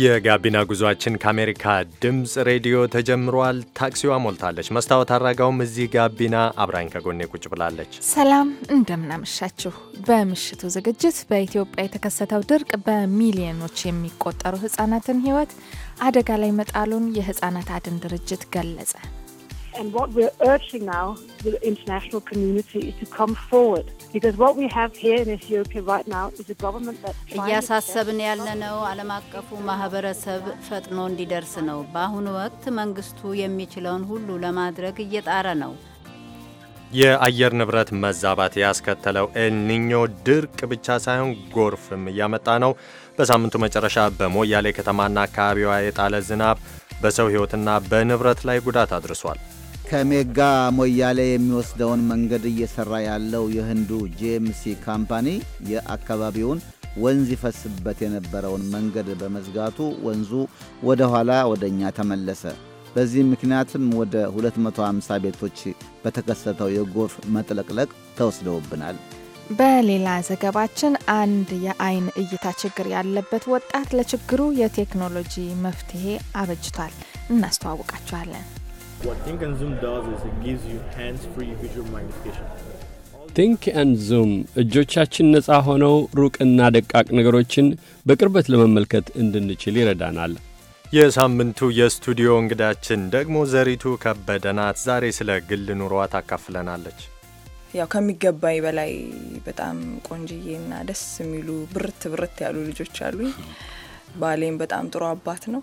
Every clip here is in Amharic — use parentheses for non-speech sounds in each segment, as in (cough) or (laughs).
የጋቢና ጉዟችን ከአሜሪካ ድምፅ ሬዲዮ ተጀምሯል። ታክሲዋ ሞልታለች። መስታወት አድራጋውም እዚህ ጋቢና አብራኝ ከጎኔ ቁጭ ብላለች። ሰላም እንደምናመሻችሁ። በምሽቱ ዝግጅት በኢትዮጵያ የተከሰተው ድርቅ በሚሊዮኖች የሚቆጠሩ ሕጻናትን ሕይወት አደጋ ላይ መጣሉን የሕጻናት አድን ድርጅት ገለጸ። And what we're urging now the international community is to come forward. እያሳሰብን ነው ዓለም አቀፉ ማህበረሰብ ፈጥኖ እንዲደርስ ነው። በአሁኑ ወቅት መንግስቱ የሚችለውን ሁሉ ለማድረግ እየጣረ ነው። የአየር ንብረት መዛባት ያስከተለው ኤልኒኞ ድርቅ ብቻ ሳይሆን ጎርፍም እያመጣ ነው። በሳምንቱ መጨረሻ በሞያሌ ከተማና አካባቢዋ የጣለ ዝናብ በሰው ሕይወትና በንብረት ላይ ጉዳት አድርሷል። ከሜጋ ሞያሌ የሚወስደውን መንገድ እየሰራ ያለው የህንዱ ጄምሲ ካምፓኒ የአካባቢውን ወንዝ ይፈስበት የነበረውን መንገድ በመዝጋቱ ወንዙ ወደ ኋላ ወደ እኛ ተመለሰ። በዚህ ምክንያትም ወደ 250 ቤቶች በተከሰተው የጎርፍ መጥለቅለቅ ተወስደውብናል። በሌላ ዘገባችን አንድ የአይን እይታ ችግር ያለበት ወጣት ለችግሩ የቴክኖሎጂ መፍትሄ አበጅቷል። እናስተዋውቃችኋለን። What Zoom does is it gives you hands-free visual magnification. ቲንክ ኤንድ ዙም እጆቻችን ነፃ ሆነው ሩቅና ደቃቅ ነገሮችን በቅርበት ለመመልከት እንድንችል ይረዳናል። የሳምንቱ የስቱዲዮ እንግዳችን ደግሞ ዘሪቱ ከበደ ናት። ዛሬ ስለ ግል ኑሯዋ ታካፍለናለች። ያው ከሚገባኝ በላይ በጣም ቆንጅዬና ደስ የሚሉ ብርት ብርት ያሉ ልጆች አሉኝ። ባሌም በጣም ጥሩ አባት ነው።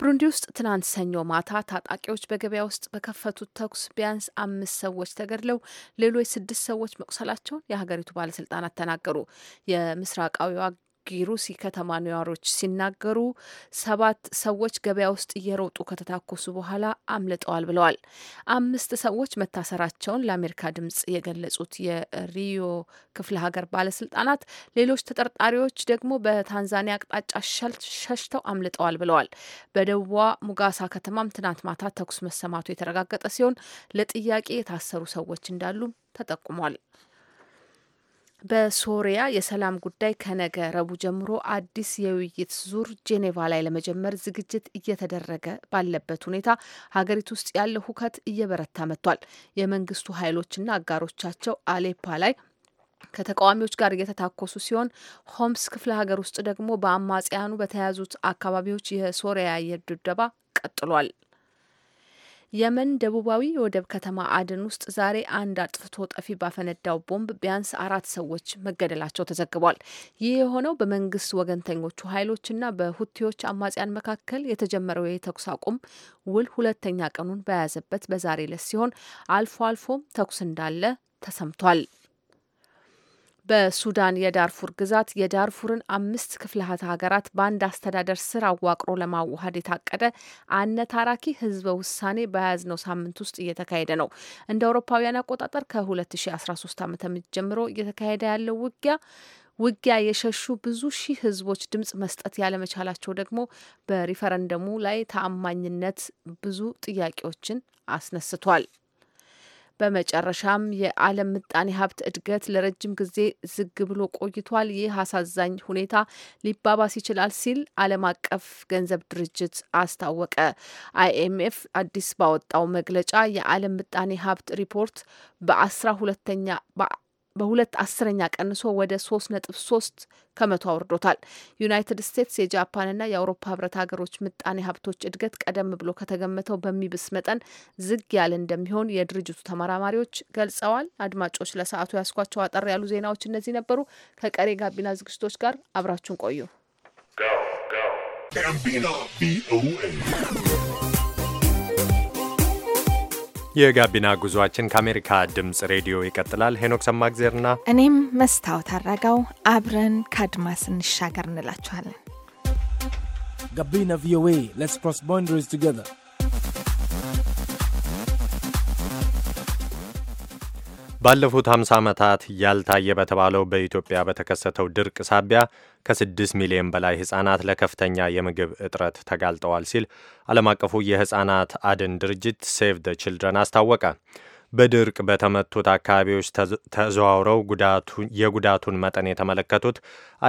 ብሩንዲ ውስጥ ትናንት ሰኞ ማታ ታጣቂዎች በገበያ ውስጥ በከፈቱት ተኩስ ቢያንስ አምስት ሰዎች ተገድለው ሌሎች ስድስት ሰዎች መቁሰላቸውን የሀገሪቱ ባለስልጣናት ተናገሩ። የምስራቃዊዋ የኪሩሲ ከተማ ነዋሪዎች ሲናገሩ ሰባት ሰዎች ገበያ ውስጥ እየሮጡ ከተታኮሱ በኋላ አምልጠዋል ብለዋል። አምስት ሰዎች መታሰራቸውን ለአሜሪካ ድምጽ የገለጹት የሪዮ ክፍለ ሀገር ባለስልጣናት ሌሎች ተጠርጣሪዎች ደግሞ በታንዛኒያ አቅጣጫ ሸሽተው አምልጠዋል ብለዋል። በደቡቧ ሙጋሳ ከተማም ትናንት ማታ ተኩስ መሰማቱ የተረጋገጠ ሲሆን ለጥያቄ የታሰሩ ሰዎች እንዳሉም ተጠቁሟል። በሶሪያ የሰላም ጉዳይ ከነገ ረቡዕ ጀምሮ አዲስ የውይይት ዙር ጄኔቫ ላይ ለመጀመር ዝግጅት እየተደረገ ባለበት ሁኔታ ሀገሪቱ ውስጥ ያለው ሁከት እየበረታ መጥቷል። የመንግስቱ ኃይሎችና አጋሮቻቸው አሌፓ ላይ ከተቃዋሚዎች ጋር እየተታኮሱ ሲሆን ሆምስ ክፍለ ሀገር ውስጥ ደግሞ በአማጽያኑ በተያዙት አካባቢዎች የሶሪያ አየር ድብደባ ቀጥሏል። የመን ደቡባዊ የወደብ ከተማ አድን ውስጥ ዛሬ አንድ አጥፍቶ ጠፊ ባፈነዳው ቦምብ ቢያንስ አራት ሰዎች መገደላቸው ተዘግቧል። ይህ የሆነው በመንግስት ወገንተኞቹ ኃይሎችና በሁቲዎች አማጽያን መካከል የተጀመረው የተኩስ አቁም ውል ሁለተኛ ቀኑን በያዘበት በዛሬ ዕለት ሲሆን አልፎ አልፎም ተኩስ እንዳለ ተሰምቷል። በሱዳን የዳርፉር ግዛት የዳርፉርን አምስት ክፍለ ሀገራት በአንድ አስተዳደር ስር አዋቅሮ ለማዋሃድ የታቀደ አነታራኪ ህዝበ ውሳኔ በያዝነው ሳምንት ውስጥ እየተካሄደ ነው። እንደ አውሮፓውያን አቆጣጠር ከ2013 ዓ ም ጀምሮ እየተካሄደ ያለው ውጊያ ውጊያ የሸሹ ብዙ ሺህ ህዝቦች ድምጽ መስጠት ያለመቻላቸው ደግሞ በሪፈረንደሙ ላይ ተአማኝነት ብዙ ጥያቄዎችን አስነስቷል። በመጨረሻም የዓለም ምጣኔ ሀብት እድገት ለረጅም ጊዜ ዝግ ብሎ ቆይቷል። ይህ አሳዛኝ ሁኔታ ሊባባስ ይችላል ሲል ዓለም አቀፍ ገንዘብ ድርጅት አስታወቀ። አይኤምኤፍ አዲስ ባወጣው መግለጫ የዓለም ምጣኔ ሀብት ሪፖርት በአስራ ሁለተኛ በሁለት አስረኛ ቀንሶ ወደ ሶስት ነጥብ ሶስት ከመቶ አውርዶታል። ዩናይትድ ስቴትስ የጃፓንና የአውሮፓ ህብረት ሀገሮች ምጣኔ ሀብቶች እድገት ቀደም ብሎ ከተገመተው በሚብስ መጠን ዝግ ያለ እንደሚሆን የድርጅቱ ተመራማሪዎች ገልጸዋል። አድማጮች ለሰዓቱ ያስኳቸው አጠር ያሉ ዜናዎች እነዚህ ነበሩ። ከቀሬ ጋቢና ዝግጅቶች ጋር አብራችሁን ቆዩ። የጋቢና ጉዟችን ከአሜሪካ ድምፅ ሬዲዮ ይቀጥላል። ሄኖክ ሰማግዜርና እኔም መስታወት አረጋው አብረን ከአድማስ እንሻገር እንላችኋለን። ጋቢና ቪኦኤ ስ ፕሮስ ባውንደሪስ ቱገር ባለፉት 50 ዓመታት ያልታየ በተባለው በኢትዮጵያ በተከሰተው ድርቅ ሳቢያ ከ6 ሚሊዮን በላይ ሕፃናት ለከፍተኛ የምግብ እጥረት ተጋልጠዋል ሲል ዓለም አቀፉ የሕፃናት አድን ድርጅት ሴቭ ደ ችልድረን አስታወቀ። በድርቅ በተመቱት አካባቢዎች ተዘዋውረው የጉዳቱን መጠን የተመለከቱት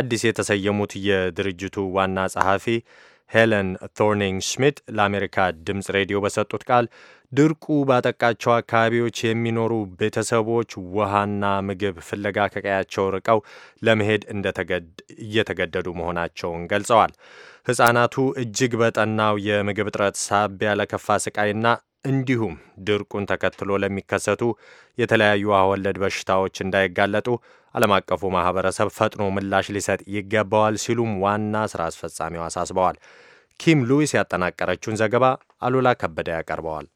አዲስ የተሰየሙት የድርጅቱ ዋና ጸሐፊ ሄለን ቶርኒንግ ሽሚት ለአሜሪካ ድምፅ ሬዲዮ በሰጡት ቃል ድርቁ ባጠቃቸው አካባቢዎች የሚኖሩ ቤተሰቦች ውሃና ምግብ ፍለጋ ከቀያቸው ርቀው ለመሄድ እየተገደዱ መሆናቸውን ገልጸዋል። ሕፃናቱ እጅግ በጠናው የምግብ እጥረት ሳቢያ ለከፋ ስቃይና እንዲሁም ድርቁን ተከትሎ ለሚከሰቱ የተለያዩ ውሃ ወለድ በሽታዎች እንዳይጋለጡ ዓለም አቀፉ ማህበረሰብ ፈጥኖ ምላሽ ሊሰጥ ይገባዋል ሲሉም ዋና ስራ አስፈጻሚው አሳስበዋል። ኪም ሉዊስ ያጠናቀረችውን ዘገባ አሉላ ከበደ ያቀርበዋል።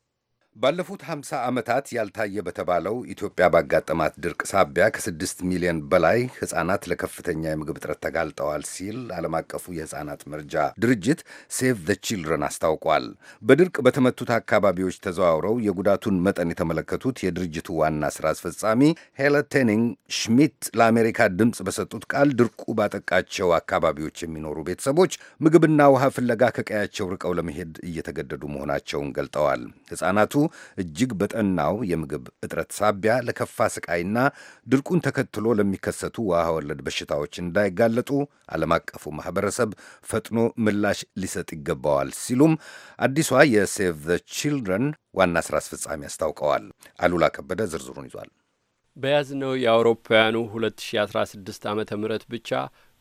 ባለፉት 50 ዓመታት ያልታየ በተባለው ኢትዮጵያ ባጋጠማት ድርቅ ሳቢያ ከስድስት ሚሊዮን በላይ ሕፃናት ለከፍተኛ የምግብ እጥረት ተጋልጠዋል ሲል ዓለም አቀፉ የሕፃናት መርጃ ድርጅት ሴቭ ዘ ቺልድረን አስታውቋል። በድርቅ በተመቱት አካባቢዎች ተዘዋውረው የጉዳቱን መጠን የተመለከቱት የድርጅቱ ዋና ሥራ አስፈጻሚ ሄለቴኒንግ ሽሚት ለአሜሪካ ድምፅ በሰጡት ቃል ድርቁ ባጠቃቸው አካባቢዎች የሚኖሩ ቤተሰቦች ምግብና ውሃ ፍለጋ ከቀያቸው ርቀው ለመሄድ እየተገደዱ መሆናቸውን ገልጠዋል። ሕፃናቱ እጅግ በጠናው የምግብ እጥረት ሳቢያ ለከፋ ስቃይና ድርቁን ተከትሎ ለሚከሰቱ ውሃ ወለድ በሽታዎች እንዳይጋለጡ ዓለም አቀፉ ማህበረሰብ ፈጥኖ ምላሽ ሊሰጥ ይገባዋል ሲሉም አዲሷ የሴቭ ዘ ቺልድረን ዋና ስራ አስፈጻሚ አስታውቀዋል። አሉላ ከበደ ዝርዝሩን ይዟል። በያዝነው የአውሮፓውያኑ 2016 ዓ ም ብቻ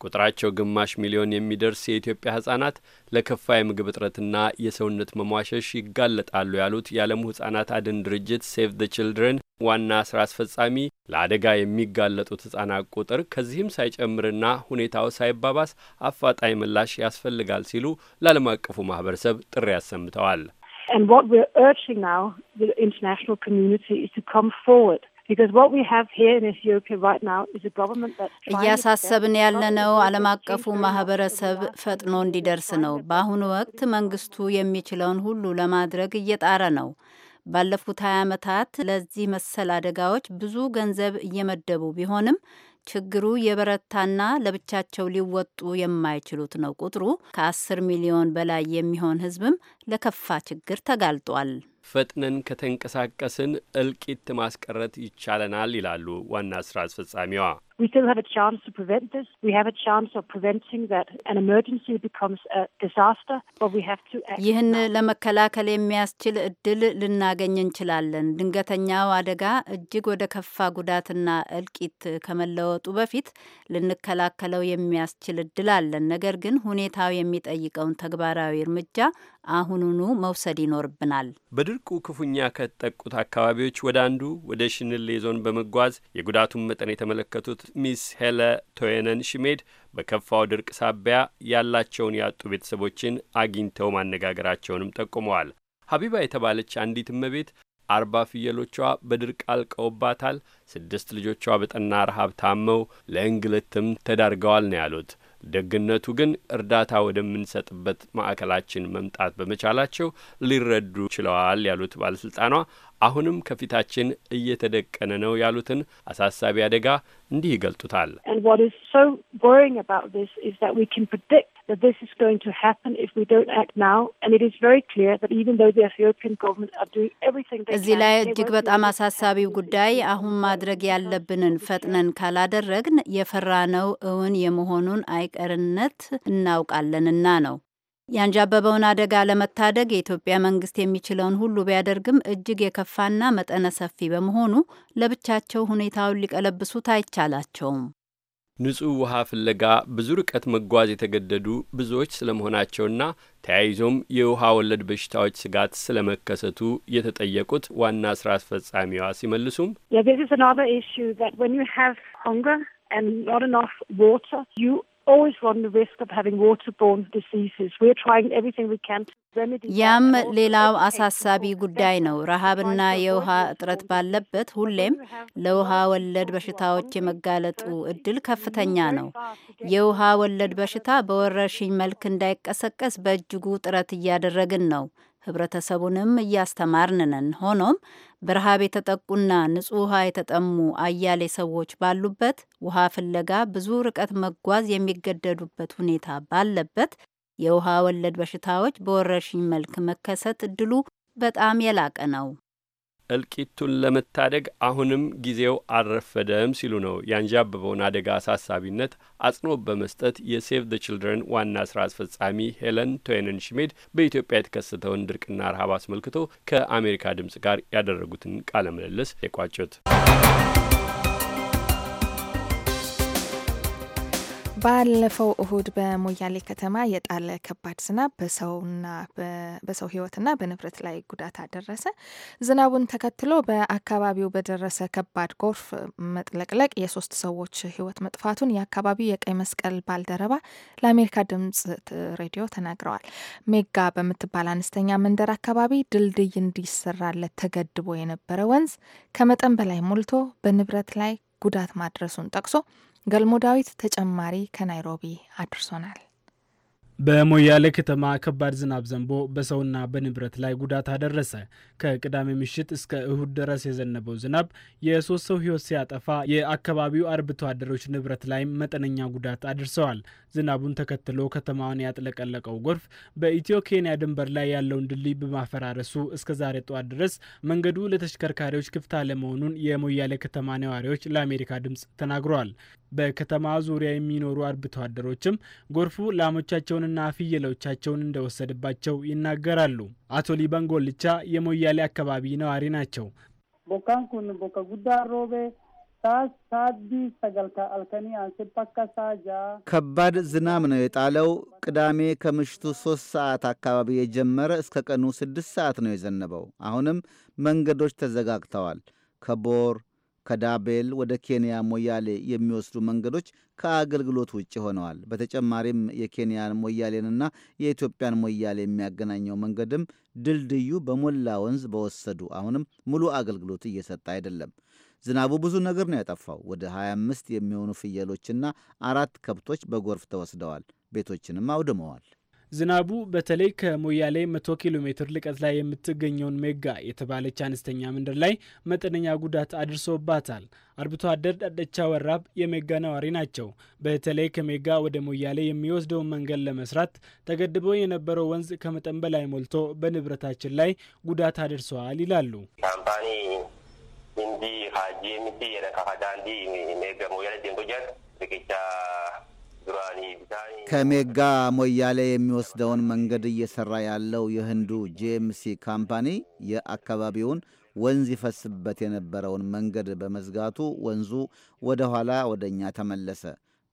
ቁጥራቸው ግማሽ ሚሊዮን የሚደርስ የኢትዮጵያ ህጻናት ለከፋ የምግብ እጥረትና የሰውነት መሟሸሽ ይጋለጣሉ ያሉት የዓለሙ ህጻናት አድን ድርጅት ሴቭ ዘ ችልድረን ዋና ስራ አስፈጻሚ ለአደጋ የሚጋለጡት ህጻናት ቁጥር ከዚህም ሳይጨምርና ሁኔታው ሳይባባስ አፋጣኝ ምላሽ ያስፈልጋል ሲሉ ለዓለም አቀፉ ማህበረሰብ ጥሪ አሰምተዋል። And what we're urging now the international community is to come forward እያሳሰብን ያለነው ዓለም አቀፉ ማህበረሰብ ፈጥኖ እንዲደርስ ነው። በአሁኑ ወቅት መንግስቱ የሚችለውን ሁሉ ለማድረግ እየጣረ ነው። ባለፉት ሀያ ዓመታት ለዚህ መሰል አደጋዎች ብዙ ገንዘብ እየመደቡ ቢሆንም ችግሩ የበረታና ለብቻቸው ሊወጡ የማይችሉት ነው። ቁጥሩ ከአስር ሚሊዮን በላይ የሚሆን ህዝብም ለከፋ ችግር ተጋልጧል። ፈጥነን ከተንቀሳቀስን እልቂት ማስቀረት ይቻለናል ይላሉ ዋና ስራ አስፈጻሚዋ። We still have a chance to prevent this. We have a chance of preventing that an emergency becomes a disaster, but we have to act. ይህን ለመከላከል የሚያስችል እድል ልናገኝ እንችላለን። ድንገተኛው አደጋ እጅግ ወደ ከፋ ጉዳትና እልቂት ከመለወጡ በፊት ልንከላከለው የሚያስችል እድል አለን። ነገር ግን ሁኔታው የሚጠይቀውን ተግባራዊ እርምጃ አሁኑኑ መውሰድ ይኖርብናል። በድርቁ ክፉኛ ከተጠቁት አካባቢዎች ወደ አንዱ ወደ ሽንሌ ዞን በመጓዝ የጉዳቱን መጠን የተመለከቱት የሞቱት ሚስ ሄለ ቶየነን ሽሜድ በከፋው ድርቅ ሳቢያ ያላቸውን ያጡ ቤተሰቦችን አግኝተው ማነጋገራቸውንም ጠቁመዋል። ሀቢባ የተባለች አንዲት እመቤት አርባ ፍየሎቿ በድርቅ አልቀውባታል፣ ስድስት ልጆቿ በጠና ረሃብ ታመው ለእንግልትም ተዳርገዋል ነው ያሉት። ደግነቱ ግን እርዳታ ወደምንሰጥበት ማዕከላችን መምጣት በመቻላቸው ሊረዱ ችለዋል ያሉት ባለሥልጣኗ አሁንም ከፊታችን እየተደቀነ ነው ያሉትን አሳሳቢ አደጋ እንዲህ ይገልጡታል። እዚህ ላይ እጅግ በጣም አሳሳቢው ጉዳይ አሁን ማድረግ ያለብንን ፈጥነን ካላደረግን የፈራነው እውን የመሆኑን አይቀርነት እናውቃለንና ነው። ያንዣበበውን አደጋ ለመታደግ የኢትዮጵያ መንግስት የሚችለውን ሁሉ ቢያደርግም እጅግ የከፋና መጠነ ሰፊ በመሆኑ ለብቻቸው ሁኔታውን ሊቀለብሱት አይቻላቸውም። ንጹህ ውሃ ፍለጋ ብዙ ርቀት መጓዝ የተገደዱ ብዙዎች ስለመሆናቸውና ተያይዞም የውሃ ወለድ በሽታዎች ስጋት ስለመከሰቱ የተጠየቁት ዋና ስራ አስፈጻሚዋ ሲመልሱም ያም ሌላው አሳሳቢ ጉዳይ ነው። ረሃብና የውሃ እጥረት ባለበት ሁሌም ለውሃ ወለድ በሽታዎች የመጋለጡ እድል ከፍተኛ ነው። የውሃ ወለድ በሽታ በወረርሽኝ መልክ እንዳይቀሰቀስ በእጅጉ ጥረት እያደረግን ነው። ህብረተሰቡንም እያስተማርን ሆኖም በረሃብ የተጠቁና ንጹህ ውሃ የተጠሙ አያሌ ሰዎች ባሉበት ውሃ ፍለጋ ብዙ ርቀት መጓዝ የሚገደዱበት ሁኔታ ባለበት የውሃ ወለድ በሽታዎች በወረርሽኝ መልክ መከሰት እድሉ በጣም የላቀ ነው። እልቂቱን ለመታደግ አሁንም ጊዜው አልረፈደም ሲሉ ነው ያንዣበበውን አደጋ አሳሳቢነት አጽንኦት በመስጠት የሴቭ ዘ ችልድረን ዋና ስራ አስፈጻሚ ሄለን ቶይነን ሽሜድ በኢትዮጵያ የተከሰተውን ድርቅና ረሃብ አስመልክቶ ከአሜሪካ ድምጽ ጋር ያደረጉትን ቃለ ምልልስ የቋጩት ባለፈው እሁድ በሞያሌ ከተማ የጣለ ከባድ ዝናብ በሰውና በሰው ህይወትና በንብረት ላይ ጉዳት አደረሰ። ዝናቡን ተከትሎ በአካባቢው በደረሰ ከባድ ጎርፍ መጥለቅለቅ የሶስት ሰዎች ህይወት መጥፋቱን የአካባቢው የቀይ መስቀል ባልደረባ ለአሜሪካ ድምጽ ሬዲዮ ተናግረዋል። ሜጋ በምትባል አነስተኛ መንደር አካባቢ ድልድይ እንዲሰራለት ተገድቦ የነበረ ወንዝ ከመጠን በላይ ሞልቶ በንብረት ላይ ጉዳት ማድረሱን ጠቅሶ ገልሞ ዳዊት ተጨማሪ ከናይሮቢ አድርሶናል። በሞያሌ ከተማ ከባድ ዝናብ ዘንቦ በሰውና በንብረት ላይ ጉዳት አደረሰ። ከቅዳሜ ምሽት እስከ እሁድ ድረስ የዘነበው ዝናብ የሶስት ሰው ሕይወት ሲያጠፋ የአካባቢው አርብቶ አደሮች ንብረት ላይ መጠነኛ ጉዳት አድርሰዋል። ዝናቡን ተከትሎ ከተማዋን ያጥለቀለቀው ጎርፍ በኢትዮ ኬንያ ድንበር ላይ ያለውን ድልድይ በማፈራረሱ እስከ ዛሬ ጠዋት ድረስ መንገዱ ለተሽከርካሪዎች ክፍት አለመሆኑን የሞያሌ ከተማ ነዋሪዎች ለአሜሪካ ድምጽ ተናግረዋል። በከተማ ዙሪያ የሚኖሩ አርብቶ አደሮችም ጎርፉ ላሞቻቸውንና ፍየሎቻቸውን እንደወሰደባቸው ይናገራሉ። አቶ ሊበን ጎልቻ የሞያሌ አካባቢ ነዋሪ ናቸው። ቦካን ኩን ቦካ ጉዳ ሮቤ ከባድ ዝናብ ነው የጣለው። ቅዳሜ ከምሽቱ ሶስት ሰዓት አካባቢ የጀመረ እስከ ቀኑ ስድስት ሰዓት ነው የዘነበው። አሁንም መንገዶች ተዘጋግተዋል። ከቦር ከዳቤል ወደ ኬንያ ሞያሌ የሚወስዱ መንገዶች ከአገልግሎት ውጭ ሆነዋል። በተጨማሪም የኬንያን ሞያሌንና የኢትዮጵያን ሞያሌ የሚያገናኘው መንገድም ድልድዩ በሞላ ወንዝ በወሰዱ አሁንም ሙሉ አገልግሎት እየሰጠ አይደለም። ዝናቡ ብዙ ነገር ነው ያጠፋው። ወደ 25 የሚሆኑ ፍየሎችና አራት ከብቶች በጎርፍ ተወስደዋል። ቤቶችንም አውድመዋል። ዝናቡ በተለይ ከሞያሌ መቶ ኪሎ ሜትር ልቀት ላይ የምትገኘውን ሜጋ የተባለች አነስተኛ ምንድር ላይ መጠነኛ ጉዳት አድርሶባታል። አርብቶ አደር ዳደቻ ወራብ የሜጋ ነዋሪ ናቸው። በተለይ ከሜጋ ወደ ሞያሌ የሚወስደውን መንገድ ለመስራት ተገድቦ የነበረው ወንዝ ከመጠን በላይ ሞልቶ በንብረታችን ላይ ጉዳት አድርሰዋል ይላሉ። ካምፓኒ ሀጂ ሚቲ የረካፋ ዳንዲ ሜጋ ሞያሌ ዴንጎጃት ሪቅቻ ከሜጋ ሞያሌ የሚወስደውን መንገድ እየሰራ ያለው የህንዱ ጂኤምሲ ካምፓኒ የአካባቢውን ወንዝ ይፈስበት የነበረውን መንገድ በመዝጋቱ ወንዙ ወደ ኋላ ወደ እኛ ተመለሰ።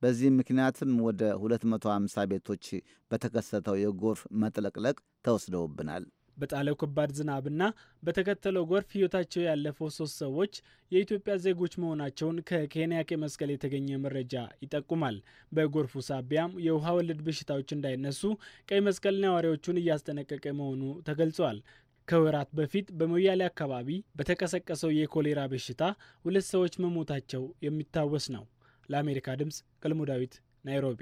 በዚህ ምክንያትም ወደ 250 ቤቶች በተከሰተው የጎርፍ መጥለቅለቅ ተወስደውብናል። በጣለው ከባድ ዝናብና በተከተለው ጎርፍ ህይወታቸው ያለፈው ሶስት ሰዎች የኢትዮጵያ ዜጎች መሆናቸውን ከኬንያ ቀይ መስቀል የተገኘ መረጃ ይጠቁማል። በጎርፉ ሳቢያም የውሃ ወለድ በሽታዎች እንዳይነሱ ቀይ መስቀል ነዋሪዎቹን እያስጠነቀቀ መሆኑ ተገልጿል። ከወራት በፊት በሞያሌ አካባቢ በተቀሰቀሰው የኮሌራ በሽታ ሁለት ሰዎች መሞታቸው የሚታወስ ነው። ለአሜሪካ ድምፅ ቀልሙ ዳዊት ናይሮቢ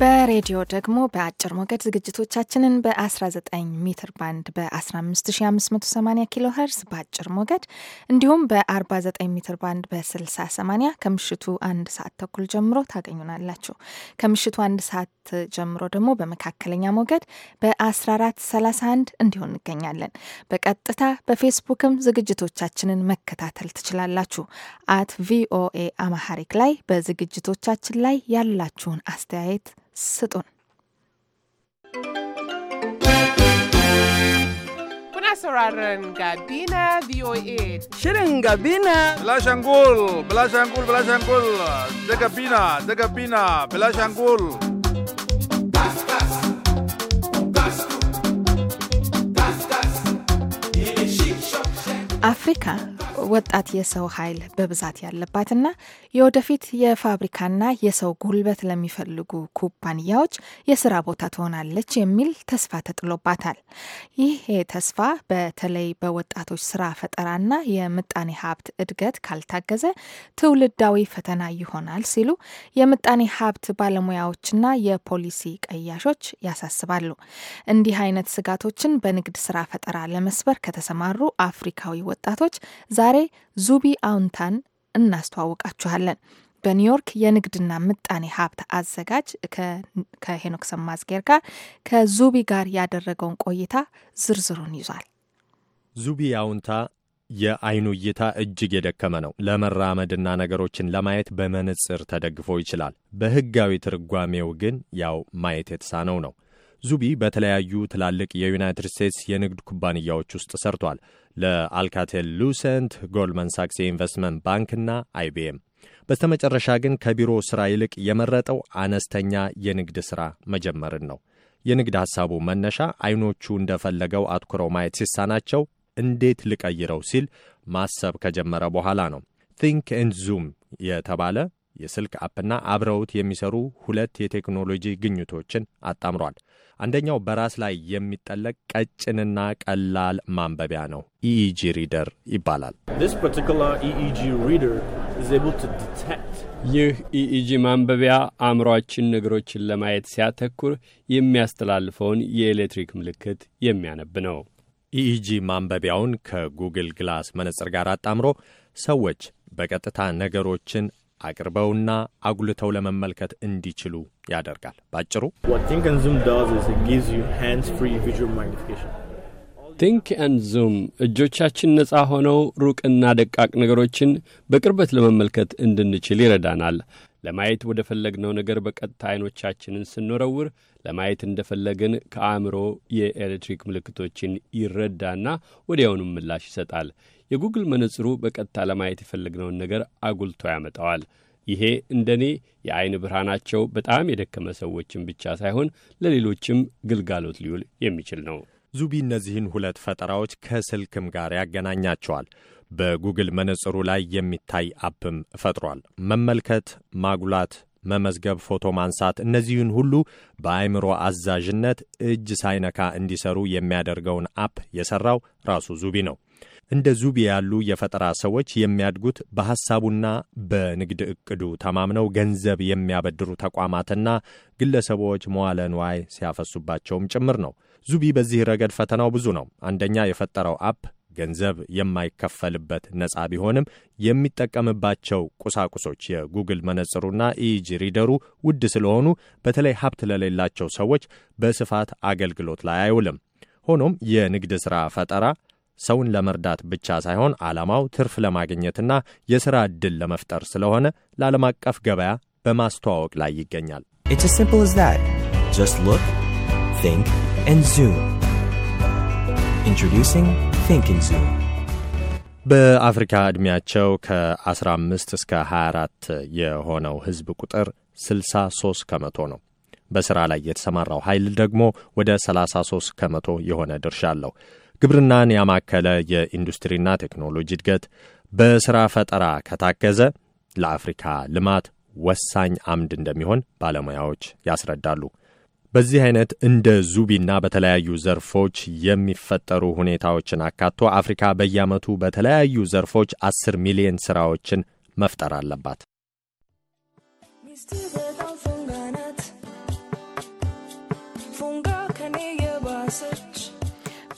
በሬዲዮ ደግሞ በአጭር ሞገድ ዝግጅቶቻችንን በ19 ሜትር ባንድ በ15580 ኪሎ ሄርስ በአጭር ሞገድ እንዲሁም በ49 ሜትር ባንድ በ6080 ከምሽቱ አንድ ሰዓት ተኩል ጀምሮ ታገኙናላችሁ። ከምሽቱ አንድ ሰዓት ጀምሮ ደግሞ በመካከለኛ ሞገድ በ1431 እንዲሁን እንገኛለን። በቀጥታ በፌስቡክም ዝግጅቶቻችንን መከታተል ትችላላችሁ። አት ቪኦኤ አማሐሪክ ላይ በዝግጅቶቻችን ላይ ያላችሁን አስተያየት ስጡን። Kuna Gabina Shirin Gabina. Bilashangul, Bilashangul, Bilashangul. Da Gabina, da Gabina, አፍሪካ ወጣት የሰው ኃይል በብዛት ያለባትና የወደፊት የፋብሪካና የሰው ጉልበት ለሚፈልጉ ኩባንያዎች የስራ ቦታ ትሆናለች የሚል ተስፋ ተጥሎባታል። ይህ ተስፋ በተለይ በወጣቶች ስራ ፈጠራና የምጣኔ ሀብት እድገት ካልታገዘ ትውልዳዊ ፈተና ይሆናል ሲሉ የምጣኔ ሀብት ባለሙያዎችና የፖሊሲ ቀያሾች ያሳስባሉ። እንዲህ አይነት ስጋቶችን በንግድ ስራ ፈጠራ ለመስበር ከተሰማሩ አፍሪካዊ ወጣቶች ዛሬ ዙቢ አውንታን እናስተዋውቃችኋለን። በኒውዮርክ የንግድና ምጣኔ ሀብት አዘጋጅ ከሄኖክ ሰማዝጌር ጋር ከዙቢ ጋር ያደረገውን ቆይታ ዝርዝሩን ይዟል። ዙቢ አውንታ የአይኑ እይታ እጅግ የደከመ ነው። ለመራመድና ነገሮችን ለማየት በመነጽር ተደግፎ ይችላል። በሕጋዊ ትርጓሜው ግን ያው ማየት የተሳነው ነው። ዙቢ በተለያዩ ትላልቅ የዩናይትድ ስቴትስ የንግድ ኩባንያዎች ውስጥ ሰርቷል። ለአልካቴል ሉሰንት፣ ጎልድመን ሳክስ የኢንቨስትመንት ባንክና አይቢኤም። በስተመጨረሻ ግን ከቢሮ ሥራ ይልቅ የመረጠው አነስተኛ የንግድ ሥራ መጀመርን ነው። የንግድ ሐሳቡ መነሻ አይኖቹ እንደፈለገው አትኩረው ማየት ሲሳናቸው እንዴት ልቀይረው ሲል ማሰብ ከጀመረ በኋላ ነው። ቲንክ ኤንድ ዙም የተባለ የስልክ አፕና አብረውት የሚሰሩ ሁለት የቴክኖሎጂ ግኝቶችን አጣምሯል። አንደኛው በራስ ላይ የሚጠለቅ ቀጭንና ቀላል ማንበቢያ ነው። ኢኢጂ e ሪደር e ይባላል። e ይህ ኢኢጂ ማንበቢያ አእምሯችን ነገሮችን ለማየት ሲያተኩር የሚያስተላልፈውን የኤሌክትሪክ ምልክት የሚያነብ ነው። ኢኢጂ ማንበቢያውን ከጉግል ግላስ መነጽር ጋር አጣምሮ ሰዎች በቀጥታ ነገሮችን አቅርበውና አጉልተው ለመመልከት እንዲችሉ ያደርጋል። ባጭሩ ቲንክ ኤንድ ዙም እጆቻችን ነፃ ሆነው ሩቅና ደቃቅ ነገሮችን በቅርበት ለመመልከት እንድንችል ይረዳናል። ለማየት ወደ ፈለግነው ነገር በቀጥታ አይኖቻችንን ስንወረውር ለማየት እንደፈለግን ከአእምሮ የኤሌክትሪክ ምልክቶችን ይረዳና ወዲያውኑም ምላሽ ይሰጣል። የጉግል መነጽሩ በቀጥታ ለማየት የፈለግነውን ነገር አጉልቶ ያመጣዋል። ይሄ እንደ እኔ የአይን ብርሃናቸው በጣም የደከመ ሰዎችን ብቻ ሳይሆን ለሌሎችም ግልጋሎት ሊውል የሚችል ነው። ዙቢ እነዚህን ሁለት ፈጠራዎች ከስልክም ጋር ያገናኛቸዋል። በጉግል መነጽሩ ላይ የሚታይ አፕም ፈጥሯል። መመልከት፣ ማጉላት፣ መመዝገብ፣ ፎቶ ማንሳት፣ እነዚህን ሁሉ በአእምሮ አዛዥነት እጅ ሳይነካ እንዲሰሩ የሚያደርገውን አፕ የሠራው ራሱ ዙቢ ነው። እንደ ዙቢ ያሉ የፈጠራ ሰዎች የሚያድጉት በሐሳቡና በንግድ ዕቅዱ ተማምነው ገንዘብ የሚያበድሩ ተቋማትና ግለሰቦች መዋለ ንዋይ ሲያፈሱባቸውም ጭምር ነው። ዙቢ በዚህ ረገድ ፈተናው ብዙ ነው። አንደኛ የፈጠረው አፕ ገንዘብ የማይከፈልበት ነፃ ቢሆንም የሚጠቀምባቸው ቁሳቁሶች የጉግል መነጽሩና ኢጂ ሪደሩ ውድ ስለሆኑ በተለይ ሀብት ለሌላቸው ሰዎች በስፋት አገልግሎት ላይ አይውልም። ሆኖም የንግድ ሥራ ፈጠራ ሰውን ለመርዳት ብቻ ሳይሆን ዓላማው ትርፍ ለማግኘትና የሥራ ዕድል ለመፍጠር ስለሆነ ለዓለም አቀፍ ገበያ በማስተዋወቅ ላይ ይገኛል። በአፍሪካ ዕድሜያቸው ከ15 እስከ 24 የሆነው ሕዝብ ቁጥር 63 ከመቶ ነው። በሥራ ላይ የተሰማራው ኃይል ደግሞ ወደ 33 ከመቶ የሆነ ድርሻ አለው። ግብርናን ያማከለ የኢንዱስትሪና ቴክኖሎጂ እድገት በሥራ ፈጠራ ከታገዘ ለአፍሪካ ልማት ወሳኝ አምድ እንደሚሆን ባለሙያዎች ያስረዳሉ። በዚህ አይነት እንደ ዙቢና በተለያዩ ዘርፎች የሚፈጠሩ ሁኔታዎችን አካቶ አፍሪካ በየዓመቱ በተለያዩ ዘርፎች አስር ሚሊዮን ሥራዎችን መፍጠር አለባት።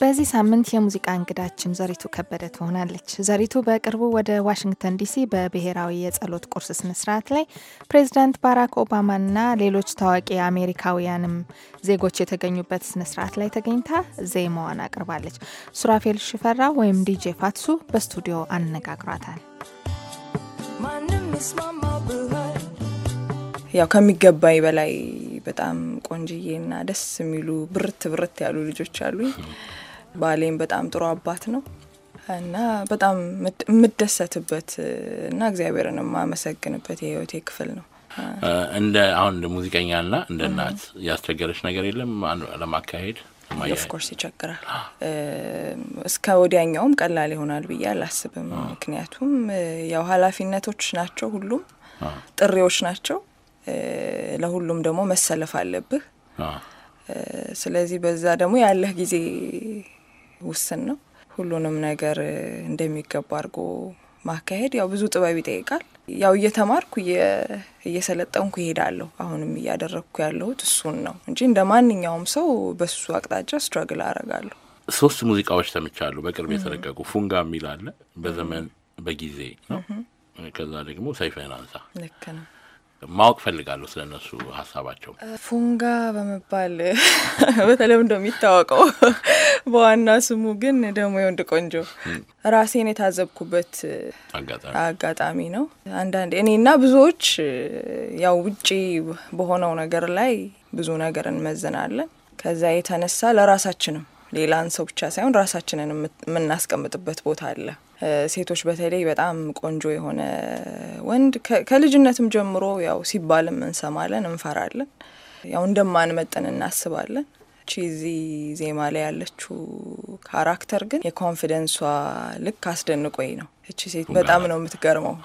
በዚህ ሳምንት የሙዚቃ እንግዳችን ዘሪቱ ከበደ ትሆናለች። ዘሪቱ በቅርቡ ወደ ዋሽንግተን ዲሲ በብሔራዊ የጸሎት ቁርስ ስነስርዓት ላይ ፕሬዚዳንት ባራክ ኦባማና ሌሎች ታዋቂ አሜሪካውያንም ዜጎች የተገኙበት ስነስርዓት ላይ ተገኝታ ዜማዋን አቅርባለች። ሱራፌል ሽፈራ ወይም ዲጄ ፋትሱ በስቱዲዮ አነጋግሯታል። ያው ከሚገባኝ በላይ በጣም ቆንጅዬና ደስ የሚሉ ብርት ብርት ያሉ ልጆች አሉኝ። ባሌም በጣም ጥሩ አባት ነው እና በጣም የምደሰትበት እና እግዚአብሔርን የማመሰግንበት የህይወቴ ክፍል ነው። እንደ አሁን እንደ ና እንደ እናት ያስቸገረች ነገር የለም ለማካሄድ ኦፍኮርስ ይቸግራል። እስከ ወዲያኛውም ቀላል ይሆናል ብዬ አላስብም። ምክንያቱም ያው ኃላፊነቶች ናቸው፣ ሁሉም ጥሪዎች ናቸው። ለሁሉም ደግሞ መሰለፍ አለብህ። ስለዚህ በዛ ደግሞ ያለህ ጊዜ ውስን ነው። ሁሉንም ነገር እንደሚገባ አድርጎ ማካሄድ ያው ብዙ ጥበብ ይጠይቃል። ያው እየተማርኩ እየሰለጠንኩ ይሄዳለሁ። አሁንም እያደረግኩ ያለሁት እሱን ነው እንጂ እንደ ማንኛውም ሰው በሱ አቅጣጫ ስትራግል አረጋለሁ። ሶስት ሙዚቃዎች ተምቻሉ በቅርብ የተለቀቁ ፉንጋ የሚል አለ፣ በዘመን በጊዜ ነው። ከዛ ደግሞ ሰይፈን አንሳ ልክ ነው ማወቅ ፈልጋለሁ ስለነሱ ሀሳባቸው። ፉንጋ በመባል (laughs) በተለምዶ የሚታወቀው (laughs) በዋና ስሙ ግን ደግሞ የወንድ ቆንጆ ራሴን የታዘብኩበት አጋጣሚ ነው። አንዳንድ እኔና ብዙዎች ያው ውጪ በሆነው ነገር ላይ ብዙ ነገር እንመዝናለን። ከዛ የተነሳ ለራሳችንም ሌላን ሰው ብቻ ሳይሆን ራሳችንን የምናስቀምጥበት ቦታ አለ። ሴቶች በተለይ በጣም ቆንጆ የሆነ ወንድ ከልጅነትም ጀምሮ ያው ሲባልም እንሰማለን፣ እንፈራለን፣ ያው እንደማንመጥን እናስባለን። እዚህ ዜማ ላይ ያለችው ካራክተር ግን የኮንፊደንሷ ልክ አስደንቆኝ ነው። እቺ ሴት በጣም ነው የምትገርመው።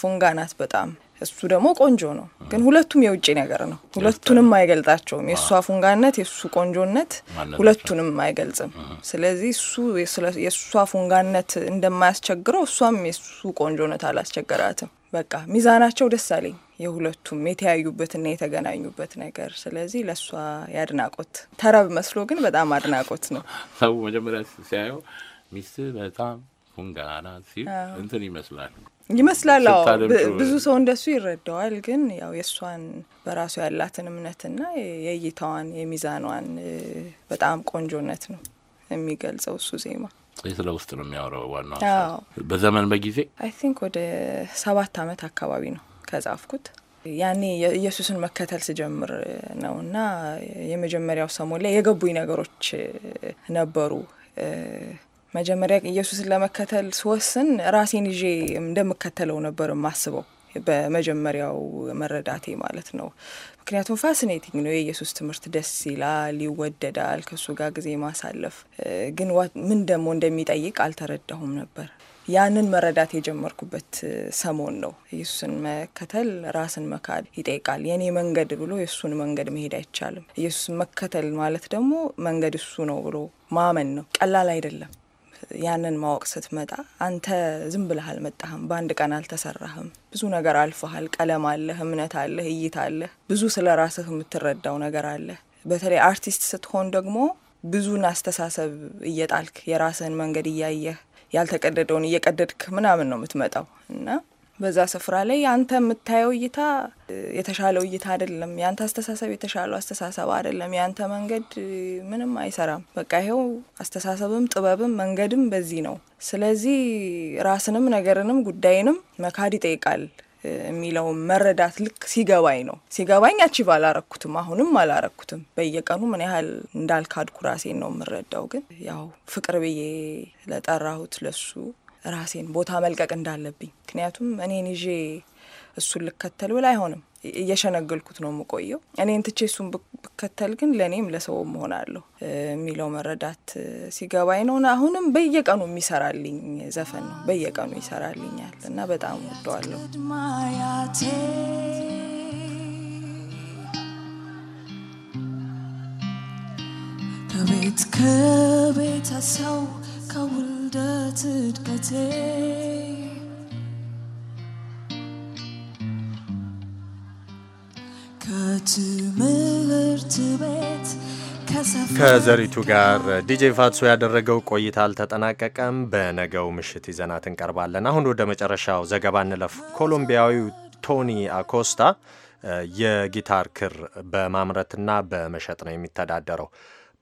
ፉንጋ ናት በጣም እሱ ደግሞ ቆንጆ ነው። ግን ሁለቱም የውጭ ነገር ነው። ሁለቱንም አይገልጣቸውም። የእሱ አፉንጋነት፣ የእሱ ቆንጆነት ሁለቱንም አይገልጽም። ስለዚህ እሱ የእሱ አፉንጋነት እንደማያስቸግረው እሷም የእሱ ቆንጆነት አላስቸገራትም። በቃ ሚዛናቸው ደስ አለኝ የሁለቱም የተያዩበትና የተገናኙበት ነገር። ስለዚህ ለእሷ የአድናቆት ተረብ መስሎ ግን በጣም አድናቆት ነው። ሰው መጀመሪያ ሲያየው ሚስት በጣም ፉንጋራ ሲል እንትን ይመስላል ይመስላል። አዎ ብዙ ሰው እንደሱ ይረዳዋል። ግን ያው የእሷን በራሱ ያላትን እምነትና የእይታዋን የሚዛኗን በጣም ቆንጆነት ነው የሚገልጸው እሱ ዜማ። ስለ ውስጥ ነው የሚያወራው። ዋና በዘመን በጊዜ አይ ቲንክ ወደ ሰባት አመት አካባቢ ነው ከጻፍኩት ያኔ ኢየሱስን መከተል ስጀምር ነው እና የመጀመሪያው ሰሞን ላይ የገቡኝ ነገሮች ነበሩ መጀመሪያ ኢየሱስን ለመከተል ስወስን ራሴን ይዤ እንደምከተለው ነበር ማስበው በመጀመሪያው መረዳቴ ማለት ነው። ምክንያቱም ፋሲኔቲንግ ነው የኢየሱስ ትምህርት፣ ደስ ይላል፣ ይወደዳል ከእሱ ጋር ጊዜ ማሳለፍ። ግን ምን ደግሞ እንደሚጠይቅ አልተረዳሁም ነበር። ያንን መረዳት የጀመርኩበት ሰሞን ነው። ኢየሱስን መከተል ራስን መካድ ይጠይቃል። የኔ መንገድ ብሎ የእሱን መንገድ መሄድ አይቻልም። ኢየሱስን መከተል ማለት ደግሞ መንገድ እሱ ነው ብሎ ማመን ነው። ቀላል አይደለም። ያንን ማወቅ ስትመጣ አንተ ዝም ብለህ አልመጣህም፣ በአንድ ቀን አልተሰራህም። ብዙ ነገር አልፈሃል። ቀለም አለህ፣ እምነት አለህ፣ እይታ አለህ፣ ብዙ ስለ ራስህ የምትረዳው ነገር አለ በተለይ አርቲስት ስትሆን ደግሞ ብዙን አስተሳሰብ እየጣልክ የራስህን መንገድ እያየህ ያልተቀደደውን እየቀደድክ ምናምን ነው የምትመጣው እና በዛ ስፍራ ላይ አንተ የምታየው እይታ የተሻለው እይታ አይደለም። ያንተ አስተሳሰብ የተሻለው አስተሳሰብ አይደለም። ያንተ መንገድ ምንም አይሰራም። በቃ ይሄው አስተሳሰብም፣ ጥበብም፣ መንገድም በዚህ ነው። ስለዚህ ራስንም ነገርንም ጉዳይንም መካድ ይጠይቃል የሚለውን መረዳት ልክ ሲገባኝ ነው። ሲገባኝ አቺቭ አላረኩትም፣ አሁንም አላረኩትም። በየቀኑ ምን ያህል እንዳልካድኩ ራሴን ነው የምረዳው። ግን ያው ፍቅር ብዬ ለጠራሁት ለሱ ራሴን ቦታ መልቀቅ እንዳለብኝ ምክንያቱም እኔን ይዤ እሱን ልከተል ብል አይሆንም። እየሸነገልኩት ነው የምቆየው። እኔን ትቼ እሱን ብከተል ግን ለእኔም ለሰውም ሆናለሁ የሚለው መረዳት ሲገባኝ ነው። አሁንም በየቀኑ የሚሰራልኝ ዘፈን ነው። በየቀኑ ይሰራልኛል እና በጣም ወደዋለሁ። ከቤት ከቤተሰው ከውል እንደ ትድቀቴ ከትምህርት ቤት ከዘሪቱ ጋር ዲጄ ፋትሶ ያደረገው ቆይታ አልተጠናቀቀም። በነገው ምሽት ይዘናት እንቀርባለን። አሁን ወደ መጨረሻው ዘገባ እንለፍ። ኮሎምቢያዊው ቶኒ አኮስታ የጊታር ክር በማምረትና በመሸጥ ነው የሚተዳደረው።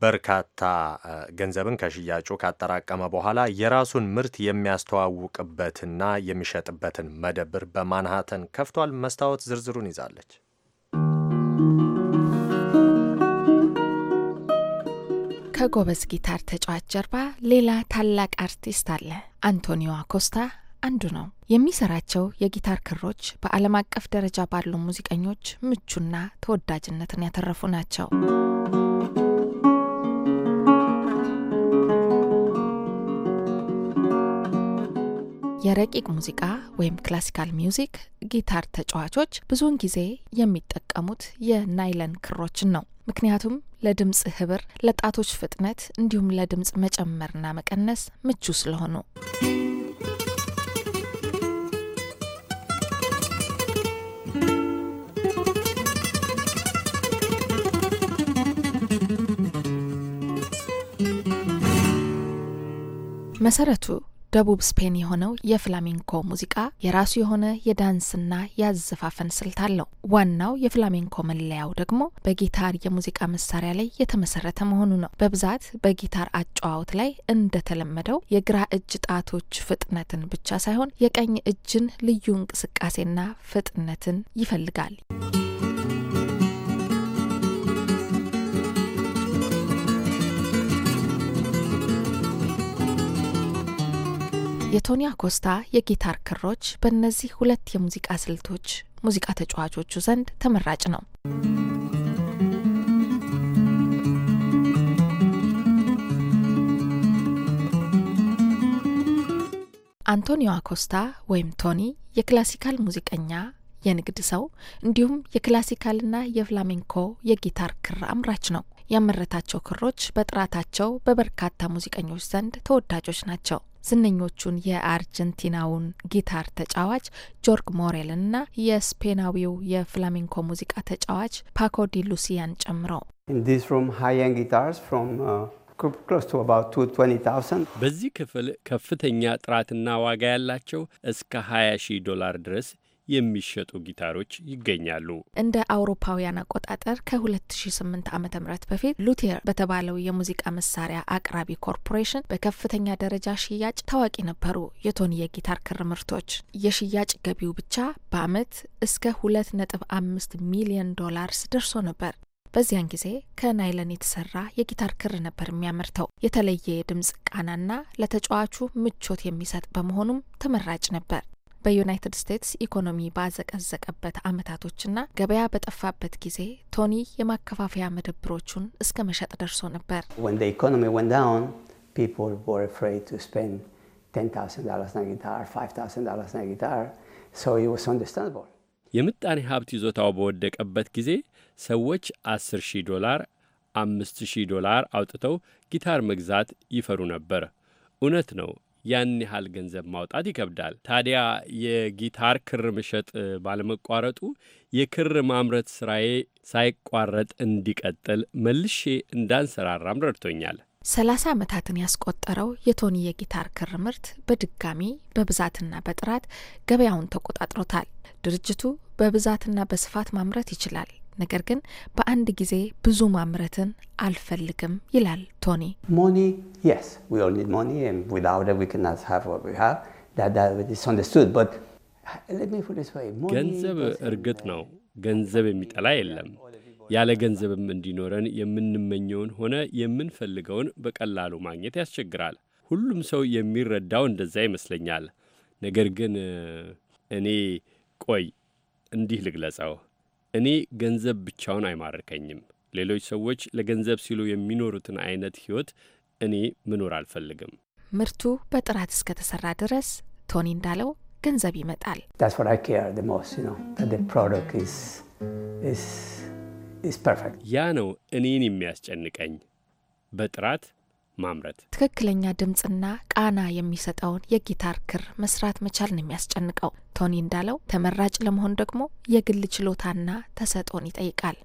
በርካታ ገንዘብን ከሽያጩ ካጠራቀመ በኋላ የራሱን ምርት የሚያስተዋውቅበትና የሚሸጥበትን መደብር በማንሃተን ከፍቷል። መስታወት ዝርዝሩን ይዛለች። ከጎበዝ ጊታር ተጫዋች ጀርባ ሌላ ታላቅ አርቲስት አለ። አንቶኒዮ አኮስታ አንዱ ነው። የሚሰራቸው የጊታር ክሮች በዓለም አቀፍ ደረጃ ባሉ ሙዚቀኞች ምቹና ተወዳጅነትን ያተረፉ ናቸው። የረቂቅ ሙዚቃ ወይም ክላሲካል ሚውዚክ ጊታር ተጫዋቾች ብዙውን ጊዜ የሚጠቀሙት የናይለን ክሮችን ነው። ምክንያቱም ለድምፅ ህብር፣ ለጣቶች ፍጥነት እንዲሁም ለድምፅ መጨመርና መቀነስ ምቹ ስለሆኑ መሰረቱ ደቡብ ስፔን የሆነው የፍላሜንኮ ሙዚቃ የራሱ የሆነ የዳንስና የአዘፋፈን ስልት አለው። ዋናው የፍላሜንኮ መለያው ደግሞ በጊታር የሙዚቃ መሳሪያ ላይ የተመሰረተ መሆኑ ነው። በብዛት በጊታር አጨዋወት ላይ እንደተለመደው የግራ እጅ ጣቶች ፍጥነትን ብቻ ሳይሆን የቀኝ እጅን ልዩ እንቅስቃሴና ፍጥነትን ይፈልጋል። የቶኒ አኮስታ የጊታር ክሮች በእነዚህ ሁለት የሙዚቃ ስልቶች ሙዚቃ ተጫዋቾቹ ዘንድ ተመራጭ ነው። አንቶኒዮ አኮስታ ወይም ቶኒ የክላሲካል ሙዚቀኛ፣ የንግድ ሰው እንዲሁም የክላሲካልና የፍላሜንኮ የጊታር ክር አምራች ነው። ያመረታቸው ክሮች በጥራታቸው በበርካታ ሙዚቀኞች ዘንድ ተወዳጆች ናቸው። ዝነኞቹን የአርጀንቲናውን ጊታር ተጫዋች ጆርግ ሞሬልንና የስፔናዊው የፍላሜንኮ ሙዚቃ ተጫዋች ፓኮ ዲ ሉሲያን ጨምሮ uh, በዚህ ክፍል ከፍተኛ ጥራትና ዋጋ ያላቸው እስከ 20 ሺህ ዶላር ድረስ የሚሸጡ ጊታሮች ይገኛሉ። እንደ አውሮፓውያን አቆጣጠር ከ2008 ዓ ም በፊት ሉቴር በተባለው የሙዚቃ መሳሪያ አቅራቢ ኮርፖሬሽን በከፍተኛ ደረጃ ሽያጭ ታዋቂ ነበሩ። የቶኒ የጊታር ክር ምርቶች የሽያጭ ገቢው ብቻ በአመት እስከ 2.5 ሚሊዮን ዶላርስ ደርሶ ነበር። በዚያን ጊዜ ከናይለን የተሰራ የጊታር ክር ነበር የሚያመርተው። የተለየ የድምፅ ቃናና ለተጫዋቹ ምቾት የሚሰጥ በመሆኑም ተመራጭ ነበር። በዩናይትድ ስቴትስ ኢኮኖሚ ባዘቀዘቀበት አመታቶችና ገበያ በጠፋበት ጊዜ ቶኒ የማከፋፈያ መደብሮቹን እስከ መሸጥ ደርሶ ነበር። የምጣኔ ሀብት ይዞታው በወደቀበት ጊዜ ሰዎች 10 ዶላር፣ 5 ዶላር አውጥተው ጊታር መግዛት ይፈሩ ነበር። እውነት ነው። ያን ያህል ገንዘብ ማውጣት ይከብዳል። ታዲያ የጊታር ክር መሸጥ ባለመቋረጡ የክር ማምረት ስራዬ ሳይቋረጥ እንዲቀጥል መልሼ እንዳንሰራራም ረድቶኛል። ሰላሳ ዓመታትን ያስቆጠረው የቶኒ የጊታር ክር ምርት በድጋሚ በብዛትና በጥራት ገበያውን ተቆጣጥሮታል። ድርጅቱ በብዛትና በስፋት ማምረት ይችላል። ነገር ግን በአንድ ጊዜ ብዙ ማምረትን አልፈልግም ይላል ቶኒ። ገንዘብ እርግጥ ነው ገንዘብ የሚጠላ የለም። ያለ ገንዘብም እንዲኖረን የምንመኘውን ሆነ የምንፈልገውን በቀላሉ ማግኘት ያስቸግራል። ሁሉም ሰው የሚረዳው እንደዛ ይመስለኛል። ነገር ግን እኔ ቆይ እንዲህ ልግለጸው እኔ ገንዘብ ብቻውን አይማርከኝም። ሌሎች ሰዎች ለገንዘብ ሲሉ የሚኖሩትን አይነት ህይወት እኔ መኖር አልፈልግም። ምርቱ በጥራት እስከተሰራ ድረስ ቶኒ እንዳለው ገንዘብ ይመጣል። ያ ነው እኔን የሚያስጨንቀኝ። በጥራት ማምረት ትክክለኛ ድምፅና ቃና የሚሰጠውን የጊታር ክር መስራት መቻል ነው የሚያስጨንቀው። ቶኒ እንዳለው ተመራጭ ለመሆን ደግሞ የግል ችሎታና ተሰጦን ይጠይቃል።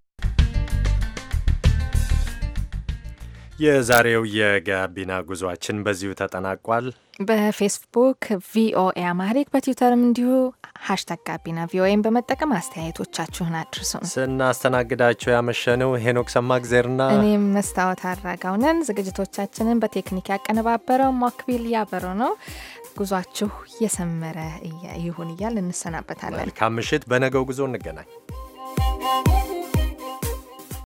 የዛሬው የጋቢና ጉዟችን በዚሁ ተጠናቋል። በፌስቡክ ቪኦኤ አማሪክ በትዊተርም እንዲሁ ሀሽታግ ጋቢና ቪኦኤን በመጠቀም አስተያየቶቻችሁን አድርሱ። ስናስተናግዳችሁ ያመሸነው ሄኖክ ሰማግዜርና እኔም መስታወት አራጋው ነን። ዝግጅቶቻችንን በቴክኒክ ያቀነባበረው ሞክቢል ያበሮ ነው። ጉዟችሁ የሰመረ ይሁን እያል እንሰናበታለን። መልካም ምሽት። በነገው ጉዞ እንገናኝ።